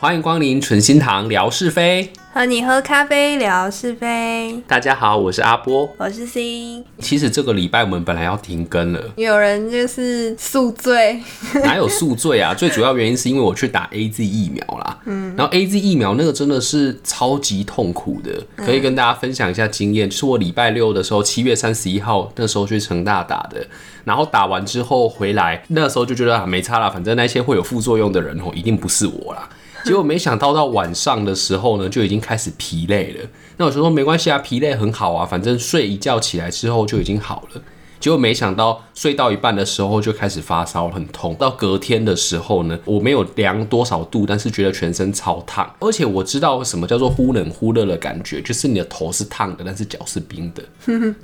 歡迎光臨純心堂聊是非，和你喝咖啡聊是非。大家好，我是阿波，我是心。其實這個禮拜我們本來要停更了，有人就是宿醉， 哪有宿醉啊？最主要原因是因為我去打 AZ 疫苗啦。嗯。然後 AZ 疫苗那個真的是超級痛苦的，可以跟大家分享一下經驗。嗯、就是我禮拜六的時候，七月三十一號那時候去成大打的，然後打完之後回來，那時候就覺得、啊、沒差啦，反正那些會有副作用的人哦，一定不是我啦。結果沒想到到晚上的時候呢，就已經開始疲累了。那我說說沒關係啊，疲累很好啊，反正睡一覺起來之後就已經好了。結果沒想到睡到一半的時候就開始發燒，很痛。到隔天的時候呢，我沒有量多少度，但是覺得全身超燙。而且我知道什麼叫做忽冷忽熱的感覺，就是你的頭是燙的，但是腳是冰的。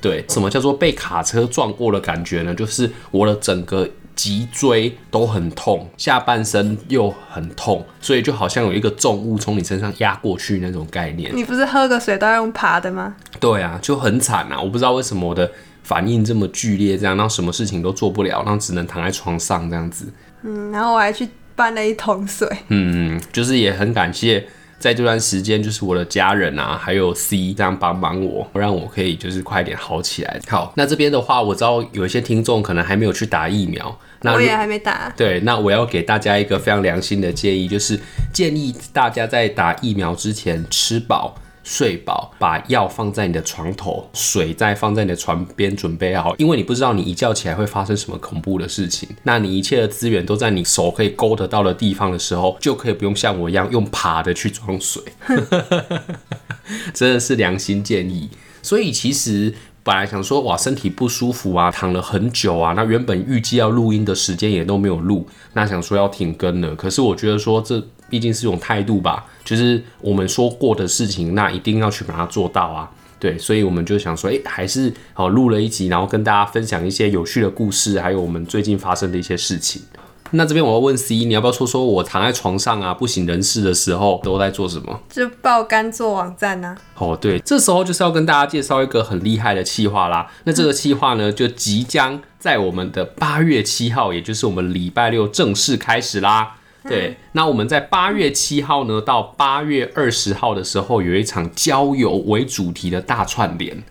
對，什麼叫做被卡車撞過的感覺呢？就是我的整個。脊椎都很痛，下半身又很痛，所以就好像有一個重物從你身上壓過去那種概念。你不是喝個水都要用爬的嗎？對啊，就很慘啊！我不知道為什麼我的反應這麼劇烈，這樣讓什麼事情都做不了，然後只能躺在床上這樣子。嗯，然後我還去搬了一桶水。嗯，就是也很感謝。在這段時間，就是我的家人啊，還有 C 這樣幫幫我，讓我可以就是快點好起來。好，那這邊的話，我知道有一些聽眾可能還沒有去打疫苗，那我也還沒打啊。對，那我要給大家一個非常良心的建議，就是建議大家在打疫苗之前吃飽，睡飽，把藥放在你的床頭，水再放在你的床邊準備好，因為你不知道你一覺起來會發生什麼恐怖的事情。那你一切的資源都在你手可以勾得到的地方的時候，就可以不用像我一樣用爬的去裝水， 真的是良心建議。所以其實本來想說哇，身體不舒服啊，躺了很久啊，那原本預計要錄音的時間也都沒有錄，那想說要停更了，可是我覺得說這。畢竟是一種態度吧，就是我們說過的事情，那一定要去把它做到啊。對，所以我們就想說，哎、欸，還是好錄了一集，然後跟大家分享一些有趣的故事，還有我們最近發生的一些事情。那這邊我要問 C，你要不要說說我躺在床上啊不省人事的時候都在做什麼？就爆肝做網站啊。哦，對，這時候就是要跟大家介紹一個很厲害的企劃啦。那這個企劃呢，嗯、就即將在我們的八月七號，也就是我們禮拜六正式開始啦。對，那我們在八月七號呢，到八月二十號的時候，有一場交友為主題的大串聯。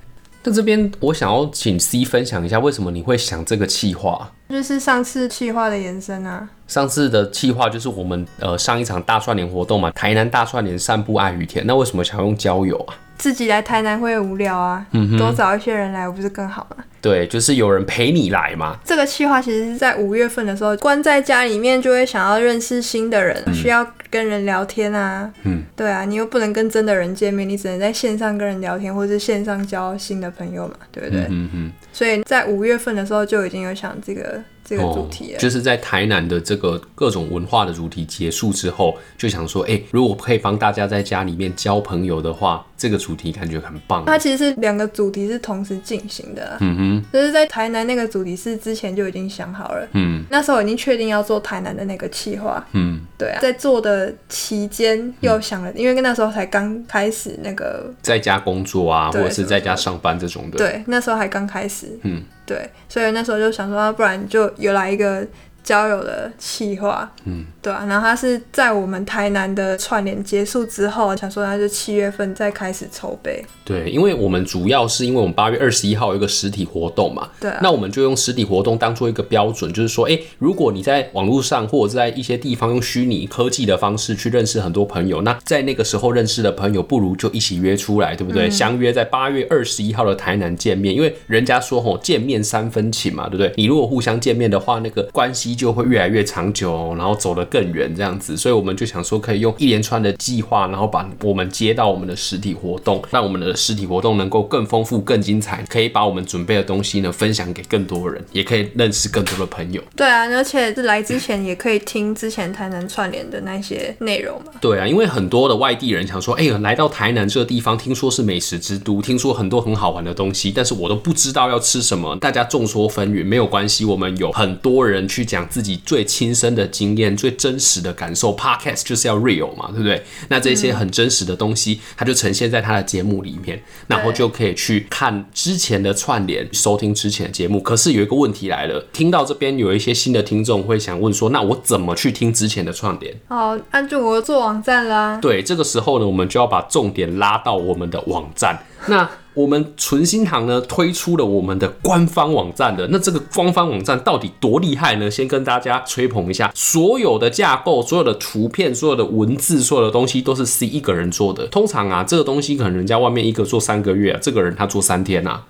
那這邊我想要請 C 分享一下，為什麼你會想這個企劃？就是上次企劃的延伸啊。上次的企劃就是我們呃上一場大串聯活動嘛，台南大串聯散步愛與田。那為什麼想用交友啊？自己來台南會無聊啊，嗯、哼多找一些人來不是更好嗎？對，就是有人陪你來嘛。這個計劃其實是在五月份的時候，關在家裡面就會想要認識新的人，嗯、需要跟人聊天啊，嗯，嗯，對啊，你又不能跟真的人見面，你只能在線上跟人聊天，或者是線上交新的朋友嘛，對不對？嗯哼，哼，所以在五月份的時候就已經有想這個。這個主題、哦、就是在台南的這個各種文化的主題結束之後，就想說，哎、欸，如果可以幫大家在家裡面交朋友的話，這個主題感覺很棒。它其實是兩個主題是同時進行的，嗯哼，就是在台南那個主題是之前就已經想好了，嗯，那時候已經確定要做台南的那個企劃，嗯，對啊，在做的期間又想了，嗯、因為那時候才剛開始那個在家工作啊，或者是在家上班這種的，對，那時候還剛開始，嗯。對，所以那時候就想說，啊不然就又來一個交友的企劃，嗯，對啊，然後他是在我們台南的串聯結束之後，想說他是七月份再開始籌備。對，因為我們主要是因為我們八月二十一號有一個實體活動嘛，對，啊，那我們就用實體活動當做一個標準，就是說，哎，如果你在網絡上或者在一些地方用虛擬科技的方式去認識很多朋友，那在那個時候認識的朋友，不如就一起約出來，對不對？嗯，相約在八月二十一號的台南見面，因為人家說吼，哦，見面三分情嘛，對不對？你如果互相見面的話，那個關係。依舊會越來越長久，然後走得更遠，這樣子，所以我們就想說，可以用一連串的計劃，然後把我們接到我們的實體活動，讓我們的實體活動能夠更豐富、更精彩，可以把我們準備的東西呢分享給更多人，也可以認識更多的朋友。對啊，而且是來之前也可以聽之前台南串聯的那些內容嘛。對啊，因為很多的外地人想說，哎呀，來到台南這個地方，聽說是美食之都，聽說很多很好玩的東西，但是我都不知道要吃什麼。大家眾說紛紜，沒有關係，我們有很多人去講。自己最親身的經驗、最真實的感受，Podcast 就是要 real 嘛，對不對？那這些很真實的東西，嗯、它就呈現在他的節目裡面，對然後就可以去看之前的串聯，收聽之前的節目。可是有一個問題來了，聽到這邊有一些新的聽眾會想問說，那我怎麼去聽之前的串聯？哦，按住我要做網站啦、啊。對，這個時候呢，我們就要把重點拉到我們的網站。那我們存心堂呢，推出了我們的官方網站的，那這個官方網站到底多厲害呢？先跟大家吹捧一下，所有的架構、所有的圖片、所有的文字、所有的東西都是 C 一個人做的。通常啊，這個東西可能人家外面一個做三個月啊，這個人他做三天啊。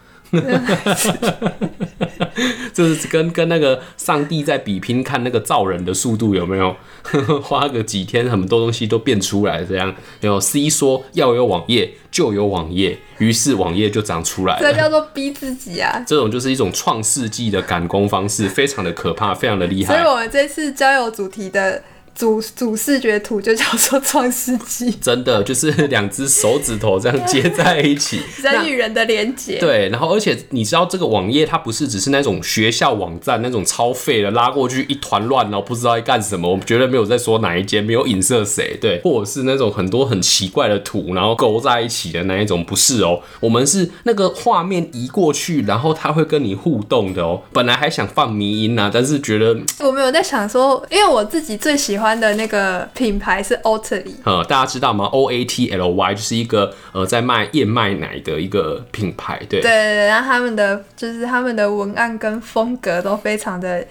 就是跟跟那個上帝在比拼，看那個造人的速度有沒有 花個幾天，很多東西都變出來，這樣有有。有 C 說要有網頁就有網頁，於是網頁就長出來。這叫做逼自己啊！這種就是一種創世紀的趕工方式，非常的可怕，非常的厲害。所以我們這次交友主題的。主主視覺圖就叫做《創世紀》，真的就是兩隻手指頭這樣接在一起，人與 人的連接。對，然後而且你知道這個網頁它不是只是那種學校網站那種超廢的拉過去一團亂，然後不知道在幹什麼。我們絕對沒有在說哪一間，沒有影射誰，對，或者是那種很多很奇怪的圖，然後勾在一起的那一種，不是哦。我們是那個畫面移過去，然後它會跟你互動的哦。本來還想放迷因啊，但是覺得我沒有在想說，因為我自己最喜歡。歡的那個品牌是 Oatly，呃，大家知道嗎？O A T L Y 就是一個呃，在賣燕麥奶的一個品牌，對，對對對，然後他們的就是他們的文案跟風格都非常的。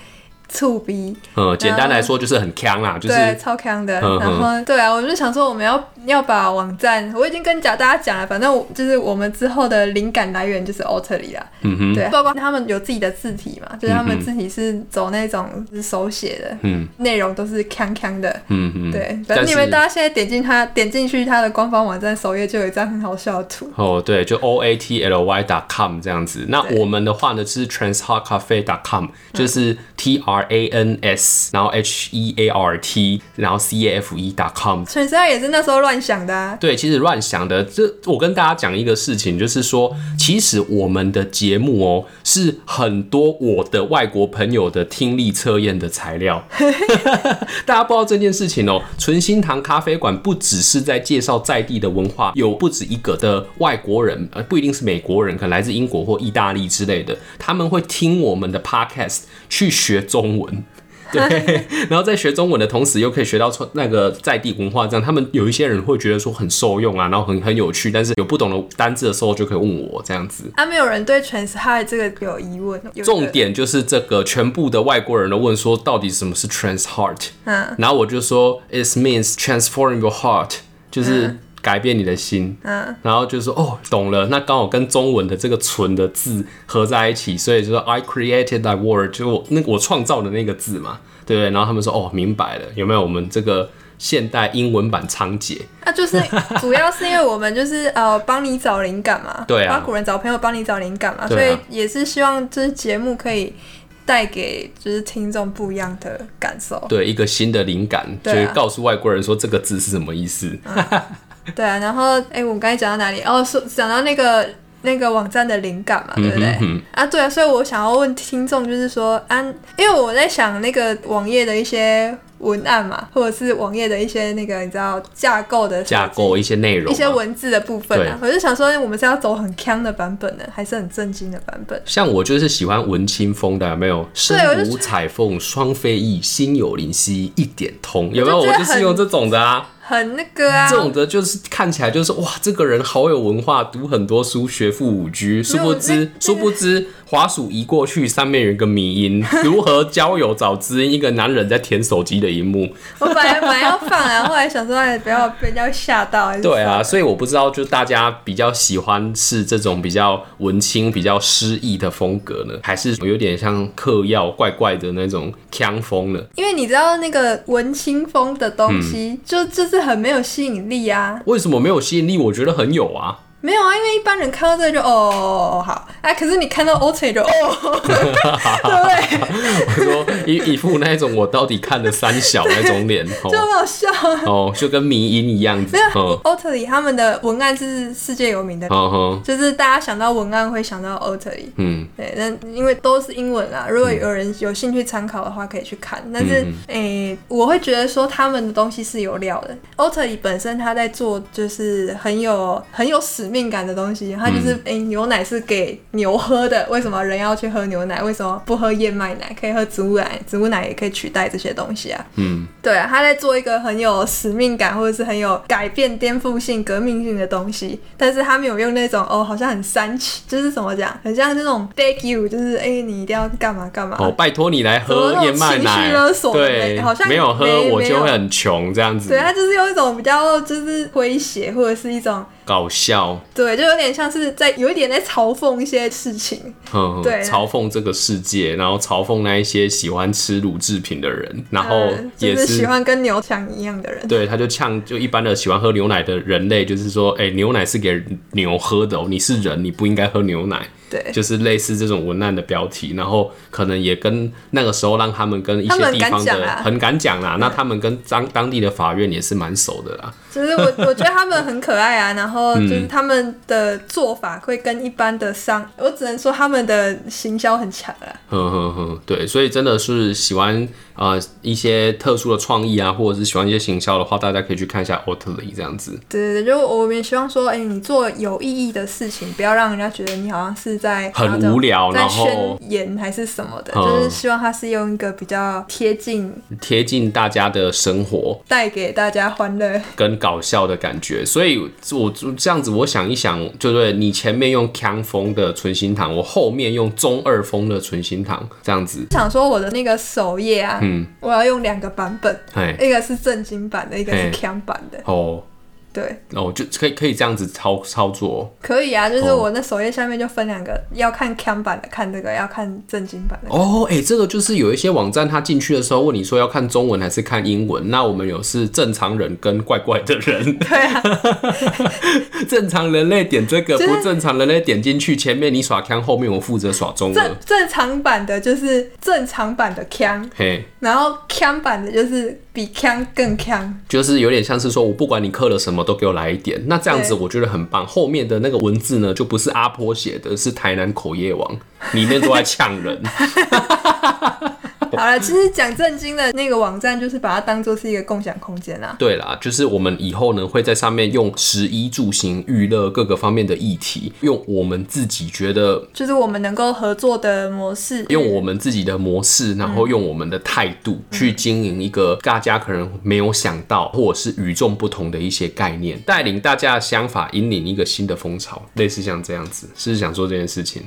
粗逼，嗯，簡單來說就是很強啊，就是超強的。然後，對啊，我就想說我們要要把網站，我已經跟講大家講了，反正就是我們之後的靈感來源就是 Oatly 啊，對，包括他們有自己的字體嘛，就是他們字體是走那種手寫的，內容都是強強的。嗯嗯，對。反正你們大家現在點進他，點進去他的官方網站首頁，就有一張很好笑的圖。哦，對，就 O A T L Y 點 com 這樣子。那我們的話呢，是 Trans Heart Cafe 點 com，就是 T R。a n s，然後 h e a r t，然後 c、a、f e. dot com，純心也是那時候亂想的，啊，對，其實亂想的。這我跟大家講一個事情，就是說，其實我們的節目哦，喔，是很多我的外國朋友的聽力測驗的材料。 大家不知道這件事情哦，喔，純心堂咖啡館不只是在介紹在地的文化，有不止一個的外國人，呃，不一定是美國人，可能來自英國或意大利之類的，他們會聽我們的 podcast 去學中文。文 對，然後在學中文的同時，又可以學到那個在地文化，這樣他們有一些人會覺得說很受用啊，然後很很有趣。但是有不懂的單字的時候，就可以問我這樣子。他們有人對 trans heart 這個有疑問。重點就是這個全部的外國人都問說，到底什麼是 trans heart？嗯，然後我就說，it means transforming your heart，就是。改變你的心，嗯、啊，然後就說哦，懂了。那剛好跟中文的這個“存”的字合在一起，所以就是 I created that word，就我那我創造的那個字嘛，對不對？然後他們說哦，明白了，有沒有？我們這個現代英文版倉頡，那、啊、就是主要是因為我們就是呃 幫你找靈感嘛，對，外古人找朋友幫你找靈感嘛，啊、所以也是希望就是節目可以帶給就是聽眾不一樣的感受，對，一個新的靈感，對啊、就告訴外國人說這個字是什麼意思。啊對啊，然後哎，我們剛才講到哪裡？哦，說講到那個那個網站的靈感嘛，對不對？嗯、哼哼啊，對啊，所以我想要問聽眾，就是說，啊，因為我在想那個網頁的一些文案嘛，或者是網頁的一些那個你知道架構的架構、一些內容、一些文字的部分啊，對我就想說，我們是要走很嗆的版本呢，還是很正經的版本？像我就是喜歡文青風的，有沒有？身無彩鳳雙飛翼，心有靈犀一點通，有沒有？我就是用這種的啊。很那個啊，這種的就是看起來就是哇，這個人好有文化，讀很多書，學富五車。殊不知，那個 殊不知，那個 滑鼠移過去，上面有一個迷因。 如何交友找知音？一個男人在舔手機的一幕。我本來本來要放啊，然後來想說不要被人家嚇到。 對啊，所以我不知道，就大家比較喜歡是這種比較文青、比較詩意的風格呢，還是有點像嗑藥、怪怪的那種鏘風呢？因為你知道那個文青風的東西，嗯、就這。就是很沒有吸引力啊，為什麼沒有吸引力？我覺得很有啊。沒有啊，因為一般人看到這個就哦哦哦好，哎，可是你看到 Oatly 就哦，對不對？我說一以副那一種，我到底看了三小那種臉，就很好笑哦，就跟迷因一樣子。Oatly 他們的文案是世界有名的，就是大家想到文案會想到 Oatly 嗯，對，那因為都是英文啊，如果有人有興趣參考的話，可以去看。但是哎，我會覺得說他們的東西是有料的 Oatly 本身他在做就是很有很有史。使命感的東西，他就是哎、嗯，牛奶是給牛喝的，為什麼人要去喝牛奶？為什麼不喝燕麥奶？可以喝植物奶，植物奶也可以取代這些東西啊。嗯，對啊，他在做一個很有使命感，或者是很有改變、顛覆性、革命性的東西。但是他沒有用那種哦，好像很煽情，就是怎麼講，很像那種 beg you，就是哎，你一定要幹嘛幹嘛。哦，拜託你來喝燕麥奶喝，情緒勒索對，好像沒，沒有喝沒，我就會很窮這樣子。對、啊，他就是用一種比較就是威脅，或者是一種，搞笑，對，就有點像是在有一點在嘲諷一些事情，嗯，對了，嘲諷這個世界，然後嘲諷那一些喜歡吃乳製品的人，然後也是、嗯就是、喜歡跟牛搶一樣的人，對，他就嗆，就一般的喜歡喝牛奶的人類，就是說，哎、欸，牛奶是給牛喝的哦，你是人，你不應該喝牛奶。對，就是類似這種文案的標題，然後可能也跟那個時候讓他們跟一些地方的很敢講啊，很敢講啊嗯、那他們跟當當地的法院也是蠻熟的啦。就是我我覺得他們很可愛啊， 然後就是他們的做法會跟一般的商，嗯、我只能說他們的行銷很強啊。哼哼哼，對，所以真的是喜歡。呃，一些特殊的創意啊，或者是喜歡一些行銷的話，大家可以去看一下 Otterly 這樣子。對，對對，就我們也希望說，哎、欸，你做有意義的事情，不要讓人家覺得你好像是在很無聊，然後在宣言還是什麼的，就是希望他是用一個比較貼近貼、嗯、近大家的生活，帶給大家歡樂跟搞笑的感覺。所以，我就這樣子，我想一想，就是你前面用康風的純心糖，我後面用中二風的純心糖這樣子。想說我的那個首頁啊。我要用兩個版本，嗯、一個是正經版的，嗯、一個是槍版的。嗯 oh. 對，那我、oh, 就可以可以這樣子操操作，可以啊，就是我那首頁下面就分兩個，oh, 要看 ㄎㄧㄤ 版的看這個，要看正經版的。哦，哎，這個就是有一些網站，他進去的時候問你說要看中文還是看英文。那我們有是正常人跟怪怪的人。對啊， 正常人類點這個，就是、不正常人類點進去，前面你耍 ㄎㄧㄤ，後面我負責耍中文。正正常版的就是正常版的 ㄎㄧㄤ，嘿，hey, 然後 ㄎㄧㄤ 版的就是比 ㄎㄧㄤ 更 ㄎㄧㄤ，就是有點像是說我不管你刻了什麼。都給我來一點，那這樣子我覺得很棒。對後面的那個文字呢，就不是阿婆寫的，是台南口業王，裡面都在嗆人。 好了，其實講正經的那個網站，就是把它當做是一個共享空間啦、啊。對啦，就是我們以後呢會在上面用食衣住行娛樂各個方面的議題，用我們自己覺得，就是我們能夠合作的模式，用我們自己的模式，然後用我們的態度去經營一個大家可能沒有想到、嗯、或者是與眾不同的一些概念，帶領大家的想法，引領一個新的風潮，類似像這樣子，是想做這件事情。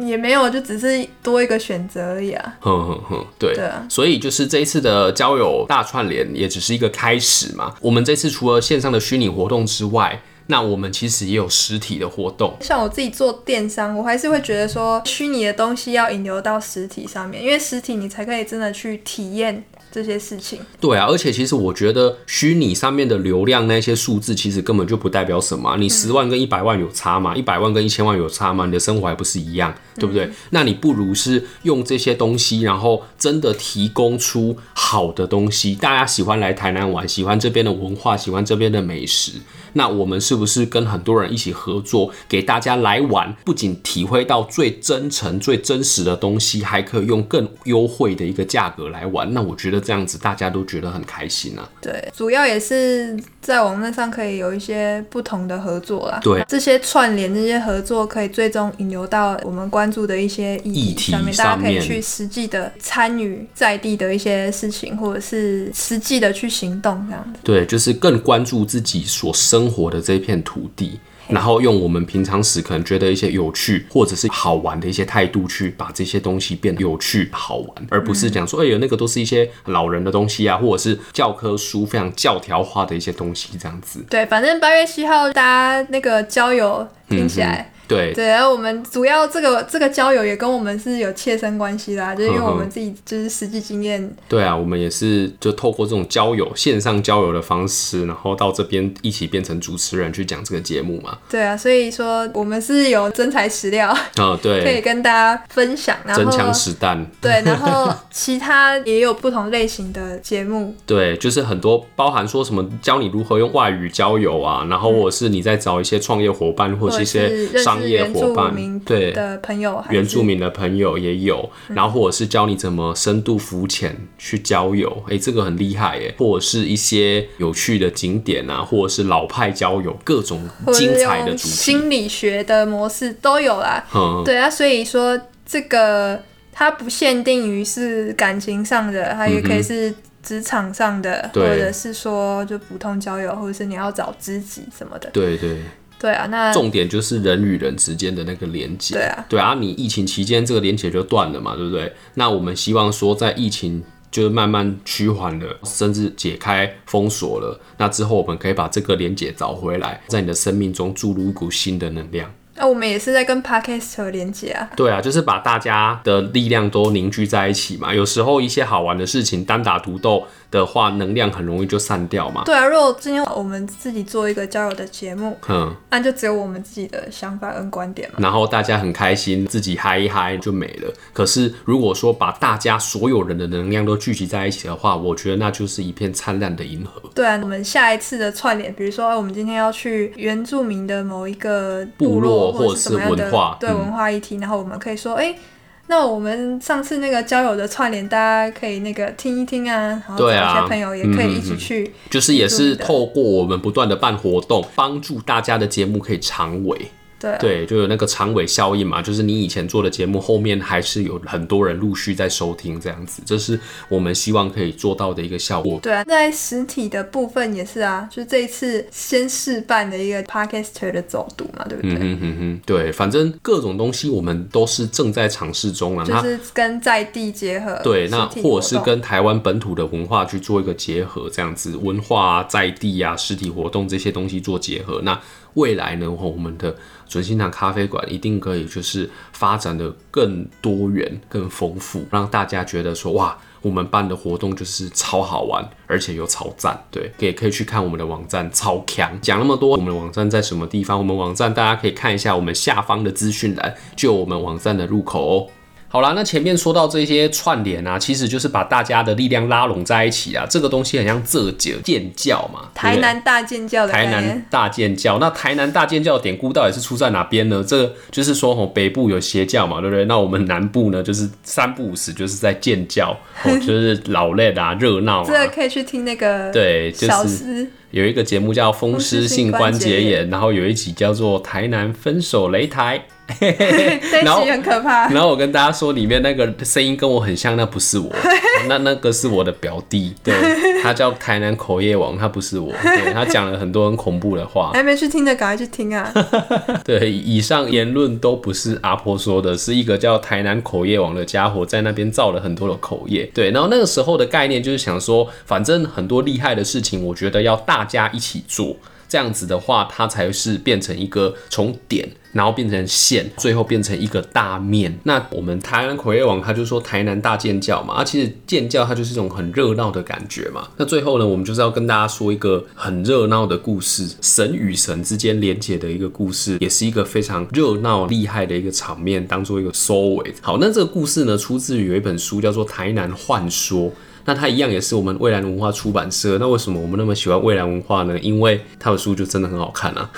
也沒有，就只是多一個選擇而已啊。哼哼哼，對，對，所以就是這一次的交友大串聯也只是一個開始嘛。我們這次除了線上的虛擬活動之外，那我們其實也有實體的活動。像我自己做電商，我還是會覺得說，虛擬的東西要引流到實體上面，因為實體你才可以真的去體驗。這些事情，對啊，而且其實我覺得虛擬上面的流量那些數字，其實根本就不代表什麼啊。你十萬跟一百萬有差嗎？一百萬跟一千萬有差嗎？你的生活還不是一樣，對不對？嗯。那你不如是用這些東西，然後真的提供出好的東西，大家喜歡來台南玩，喜歡這邊的文化，喜歡這邊的美食。那我們是不是跟很多人一起合作，給大家來玩，不僅體會到最真誠、最真實的東西，還可以用更優惠的一個價格來玩？那我覺得。這樣子大家都覺得很開心啊。對，主要也是在網絡上可以有一些不同的合作啦。對，這些串聯這些合作，可以最終引流到我們關注的一些議題上面，上面大家可以去實際的參與在地的一些事情，或者是實際的去行動，這樣子。對，就是更關注自己所生活的這一片土地。然後用我們平常時可能覺得一些有趣或者是好玩的一些態度，去把這些東西變得有趣好玩，而不是講說哎呦，那個都是一些老人的東西啊，或者是教科書非常教條化的一些東西這樣子。嗯、對，反正八月七號大家那個交友聽起來、嗯。對對，而我們主要這個這個交友也跟我們是有切身關係啦、啊，就是因為我們自己就是實際經驗。嗯嗯、對啊，我們也是就透過這種交友線上交友的方式，然後到這邊一起變成主持人去講這個節目嘛。對啊，所以說我們是有真材實料啊、嗯，對，可以跟大家分享，然後真槍實彈。對，然後其他也有不同類型的節目。 對，就是很多包含說什麼教你如何用外語交友啊，嗯、然後或者是你在找一些創業夥伴，或者是一些商。是原住民的朋友還是？對，原住民的朋友也有，然後或者是教你怎麼深度浮潛去交友，哎、嗯，欸，這個很厲害耶！或者是一些有趣的景點啊，或者是老派交友，各種精彩的主題，心理學的模式都有啦。嗯、對啊，所以說這個它不限定於是感情上的，它也可以是職場上的，嗯嗯或者是說就普通交友，或者是你要找知己什麼的。對對。對對啊，那重點就是人與人之間的那個連接。對啊。對啊，你疫情期間這個連接就斷了嘛，對不對？那我們希望說，在疫情就慢慢趨緩了，甚至解開封鎖了，那之後我們可以把這個連接找回來，在你的生命中注入一股新的能量。那、啊、我們也是在跟 podcast 有連接啊。對啊，就是把大家的力量都凝聚在一起嘛。有時候一些好玩的事情，單打獨鬥的話，能量很容易就散掉嘛。對啊，如果今天我們自己做一個交友的節目，嗯，那就只有我們自己的想法跟觀點嘛。然後大家很開心，自己嗨一嗨就沒了。可是如果說把大家所有人的能量都聚集在一起的話，我覺得那就是一片燦爛的銀河。對啊，我們下一次的串聯，比如說，哎、欸，我們今天要去原住民的某一個部落。或者是文化對文化議題，然後我們可以說，哎、嗯欸，那我們上次那個交友的串聯，大家可以那個聽一聽啊，對啊，然後有些朋友也可以一起去，嗯，就是也是透過我們不斷的辦活動，幫、嗯就是、助大家的節目可以長尾。對，啊、對，就有那個長尾效應嘛，就是你以前做的節目，後面還是有很多人陸續在收聽這樣子，這是我們希望可以做到的一個效果。對、啊，在實體的部分也是啊，就這一次先試辦的一個 Podcaster 的走讀嘛，對不對？嗯嗯嗯，對，反正各種東西我們都是正在嘗試中，然後就是跟在地結合，那對，那或者是跟台灣本土的文化去做一個結合，這樣子文化、啊、在地啊，實體活動這些東西做結合，那。未來呢，我們的轉心堂咖啡館一定可以就是發展的更多元、更豐富，讓大家覺得說哇，我們辦的活動就是超好玩，而且又超讚。對，也可、可以去看我們的網站，超強。講那麼多，我們的網站在什麼地方？我們網站大家可以看一下，我們下方的資訊欄就有我們網站的入口哦。好啦，那前面說到這些串聯啊，其實就是把大家的力量拉攏在一起啊，這個東西很像這就建教嘛，對對台南大建教，台南大建教。欸、那台南大建教的典故到底是出在哪邊呢？這個、就是說，哦，北部有邪教嘛，對不對？那我們南部呢，就是三不五時就是在建教、哦，就是老淚啊， 熱鬧、啊。這個可以去聽那個小對，就是有一個節目叫《風濕性關節炎》，然後有一集叫做《台南分手擂台》。 然後很可怕。然後我跟大家說，裡面那個聲音跟我很像，那不是我， 那那個是我的表弟，對，他叫台南口業王，他不是我，對，他講了很多很恐怖的話。還沒去聽的，趕快去聽啊！ 對，以上言論都不是阿婆說的，是一個叫台南口業王的家伙在那邊造了很多的口業。對，然後那個時候的概念就是想說，反正很多厲害的事情，我覺得要大家一起做。這樣子的話，它才是變成一個從點，然後變成線，最後變成一個大面。那我們台南口業王他就說台南大建教嘛，啊其實建教它就是一種很熱鬧的感覺嘛。那最後呢，我們就是要跟大家說一個很熱鬧的故事，神與神之間連結的一個故事，也是一個非常熱鬧厲害的一個場面，當做一個收尾。好，那這個故事呢，出自於有一本書叫做《台南幻說》。那它一樣也是我們蔚藍的文化出版社。那為什麼我們那麼喜歡蔚藍文化呢？因為它的書就真的很好看啊。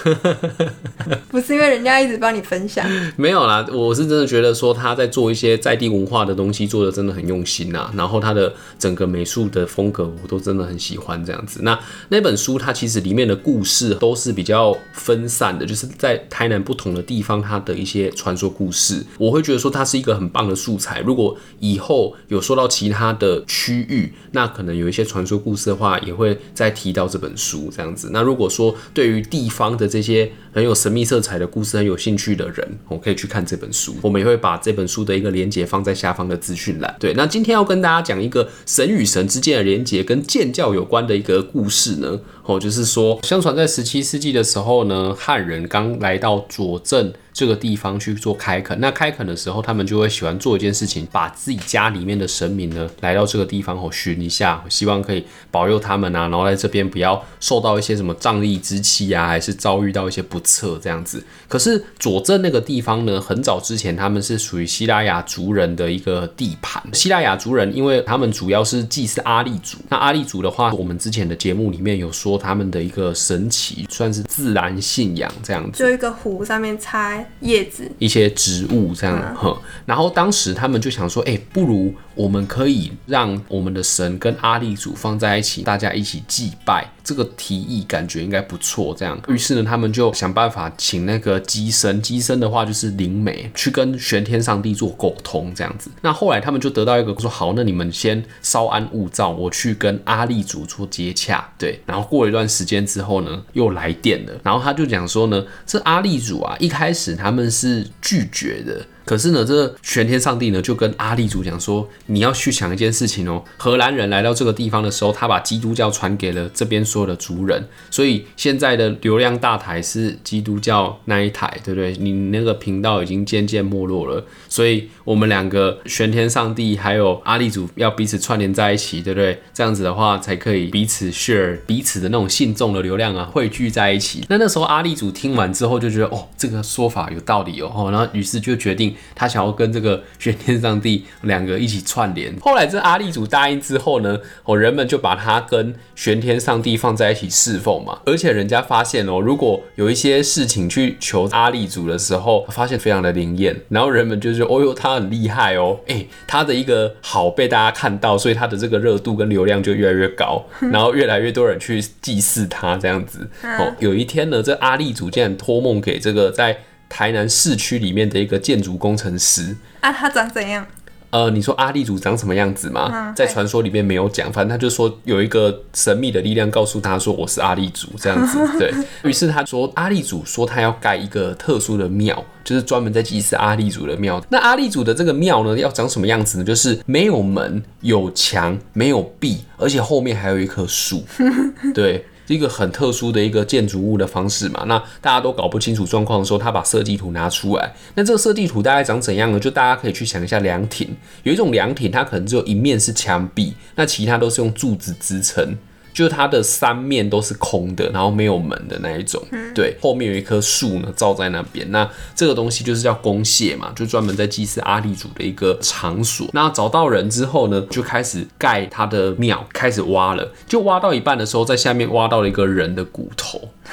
不是因為人家一直幫你分享？ 沒有啦，我是真的覺得說他在做一些在地文化的東西，做得真的很用心啊。然後他的整個美術的風格，我都真的很喜歡這樣子。那那本書它其實裡面的故事都是比較分散的，就是在台南不同的地方，它的一些傳說故事，我會覺得說它是一個很棒的素材。如果以後有說到其他的區域，那可能有一些傳說故事的話，也會再提到這本書這樣子。那如果說，對於地方的這些很有神秘色彩的故事，很有興趣的人，我可以去看這本書。我們也會把這本書的一個連接放在下方的資訊欄。對，那今天要跟大家講一個神與神之間的連接，跟建教有關的一個故事呢。哦，就是說，相傳在十七世紀的時候呢，漢人剛來到左鎮這個地方去做開墾。那開墾的時候，他們就會喜歡做一件事情，把自己家裡面的神明呢，來到這個地方哦，尋一下，希望可以保佑他們啊，然後在這邊不要受到一些什麼瘴癘之氣啊，還是遭遇到一些不測這樣子。可是左鎮那個地方呢，很早之前他們是屬於西拉雅族人的一個地盤。西拉雅族人，因為他們主要是祭祀阿立祖。那阿立祖的話，我們之前的節目裡面有說。他們的一個神奇，算是自然信仰這樣子，就一個壺上面插葉子，一些植物這樣、嗯、然後當時他們就想說，哎、欸，不如我們可以讓我們的神跟阿立祖放在一起，大家一起祭拜。這個提議感覺應該不錯，這樣。於是呢，他們就想辦法請那個乩身，乩身的話就是靈媒去跟玄天上帝做溝通這樣子。那後來他們就得到一個說，好，那你們先稍安勿躁，我去跟阿立祖做接洽。對，然後過。過一段時間之後呢，又來電了，然後他就講說呢，這阿力組啊，一開始他們是拒絕的。可是呢，這個，玄天上帝呢就跟阿立祖講說：“你要去想一件事情哦，荷蘭人來到這個地方的時候，他把基督教傳給了這邊所有的族人，所以現在的流量大台是基督教那一台，對不對？你那個頻道已經漸漸沒落了，所以我們兩個玄天上帝還有阿立祖要彼此串聯在一起，對不對？這樣子的話才可以彼此 share 彼此的那種信眾的流量啊，匯聚在一起。那那時候阿立祖聽完之後就覺得哦，這個說法有道理哦，然後於是就決定。他想要跟這個玄天上帝兩個一起串聯。後來這阿立祖答應之後呢，哦，人們就把他跟玄天上帝放在一起侍奉嘛。而且人家發現哦，如果有一些事情去求阿立祖的時候，發現非常的靈驗。然後人們就是哦喲，他很厲害哦，誒，他的一個好被大家看到，所以他的這個熱度跟流量就越來越高。然後越來越多人去祭祀他這樣子。哦，有一天呢，這阿立祖竟然托夢給這個在。台南市區裡面的一個建築工程師啊，他長怎樣？呃，你說阿立祖長什麼樣子嗎？嗯、在傳說裡面沒有講，反正他就說有一個神秘的力量告訴他說我是阿立祖這樣子。對。於 是他說阿立祖說他要蓋一個特殊的廟，就是專門在祭祀阿立祖的廟。那阿立祖的這個廟呢，要長什麼樣子呢？就是沒有門，有牆，沒有壁，而且後面還有一棵樹。 對。一個很特殊的一個建築物的方式嘛，那大家都搞不清楚狀況的時候，他把設計圖拿出來。那這個設計圖大概長怎樣呢？就大家可以去想一下涼亭，有一種涼亭，它可能只有一面是牆壁，那其他都是用柱子支撐。就它的三面都是空的，然後沒有門的那一種。嗯、對，後面有一棵樹呢，罩在那邊。那這個東西就是叫公廨嘛，就專門在祭祀阿立祖的一個場所。那找到人之後呢，就開始蓋他的廟，開始挖了。就挖到一半的時候，在下面挖到了一個人的骨頭。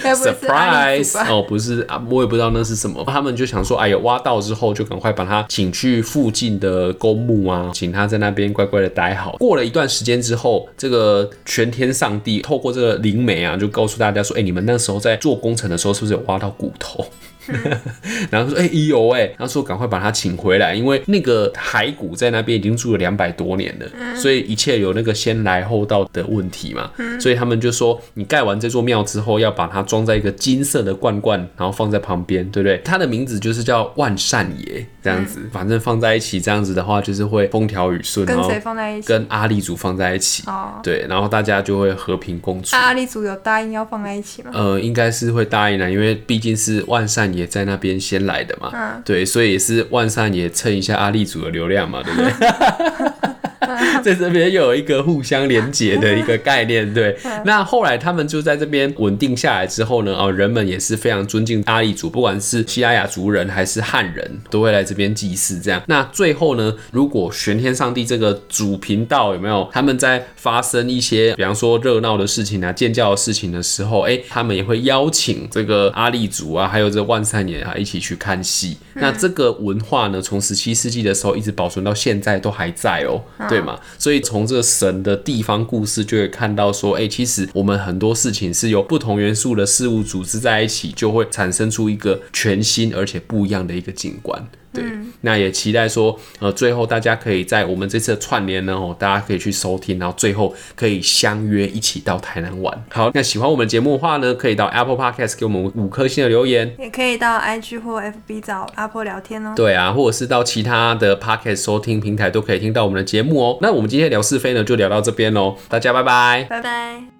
surprise！哦，不是啊，我也不知道那是什麼。他們就想說，哎呀，挖到之後就趕快把他請去附近的公墓啊，請他在那邊乖乖的待好。過了一段時間之後，這這個全天上帝透過這個靈媒啊，就告訴大家說：“哎、欸，你們那時候在做工程的時候，是不是有挖到骨頭？” 然後說，哎、欸，有哎、欸，然後說趕快把他請回來，因為那個骸骨在那邊已經住了兩百多年了，嗯、所以一切有那個先來後到的問題嘛，嗯、所以他們就說，你蓋完這座廟之後，要把它裝在一個金色的罐罐，然後放在旁邊，對不對？它的名字就是叫萬善爺，這樣子，嗯、反正放在一起，這樣子的話就是會風調雨順，然後跟誰放在一起？跟阿立祖放在一起，對，然後大家就會和平共處。阿立祖有答應要放在一起嗎？呃，應該是會答應的，因為畢竟是萬善爺。也在那邊先來的嘛，嗯、對，所以也是萬善也蹭一下阿力祖的流量嘛，對不對？ 在這邊有一個互相連接的一個概念，對。那後來他們就在這邊穩定下來之後呢，哦，人們也是非常尊敬阿立祖，不管是西拉雅族人還是漢人都會來這邊祭祀。這樣，那最後呢，如果玄天上帝這個主頻道有沒有他們在發生一些，比方說熱鬧的事情啊、建醮的事情的時候，哎、欸，他們也會邀請這個阿立祖啊，還有這個萬善爺啊一起去看戲。那這個文化呢，從十七世紀的時候一直保存到現在都還在哦、喔，啊、對嗎？所以從這個神的地方故事，就會看到說，哎、欸，其實我們很多事情是由不同元素的事物組織在一起，就會產生出一個全新而且不一樣的一個景觀。對，那也期待說，呃，最後大家可以在我們這次的串聯呢，大家可以去收聽，然後最後可以相約一起到台南玩。好，那喜歡我們的節目的話呢，可以到 Apple Podcast 給我們五顆星的留言，也可以到 IG 或 FB 找阿 e 聊天哦、喔。對啊，或者是到其他的 Podcast 收聽平台都可以聽到我們的節目哦、喔。那我們今天聊是非呢，就聊到這邊嘍，大家拜拜，拜拜。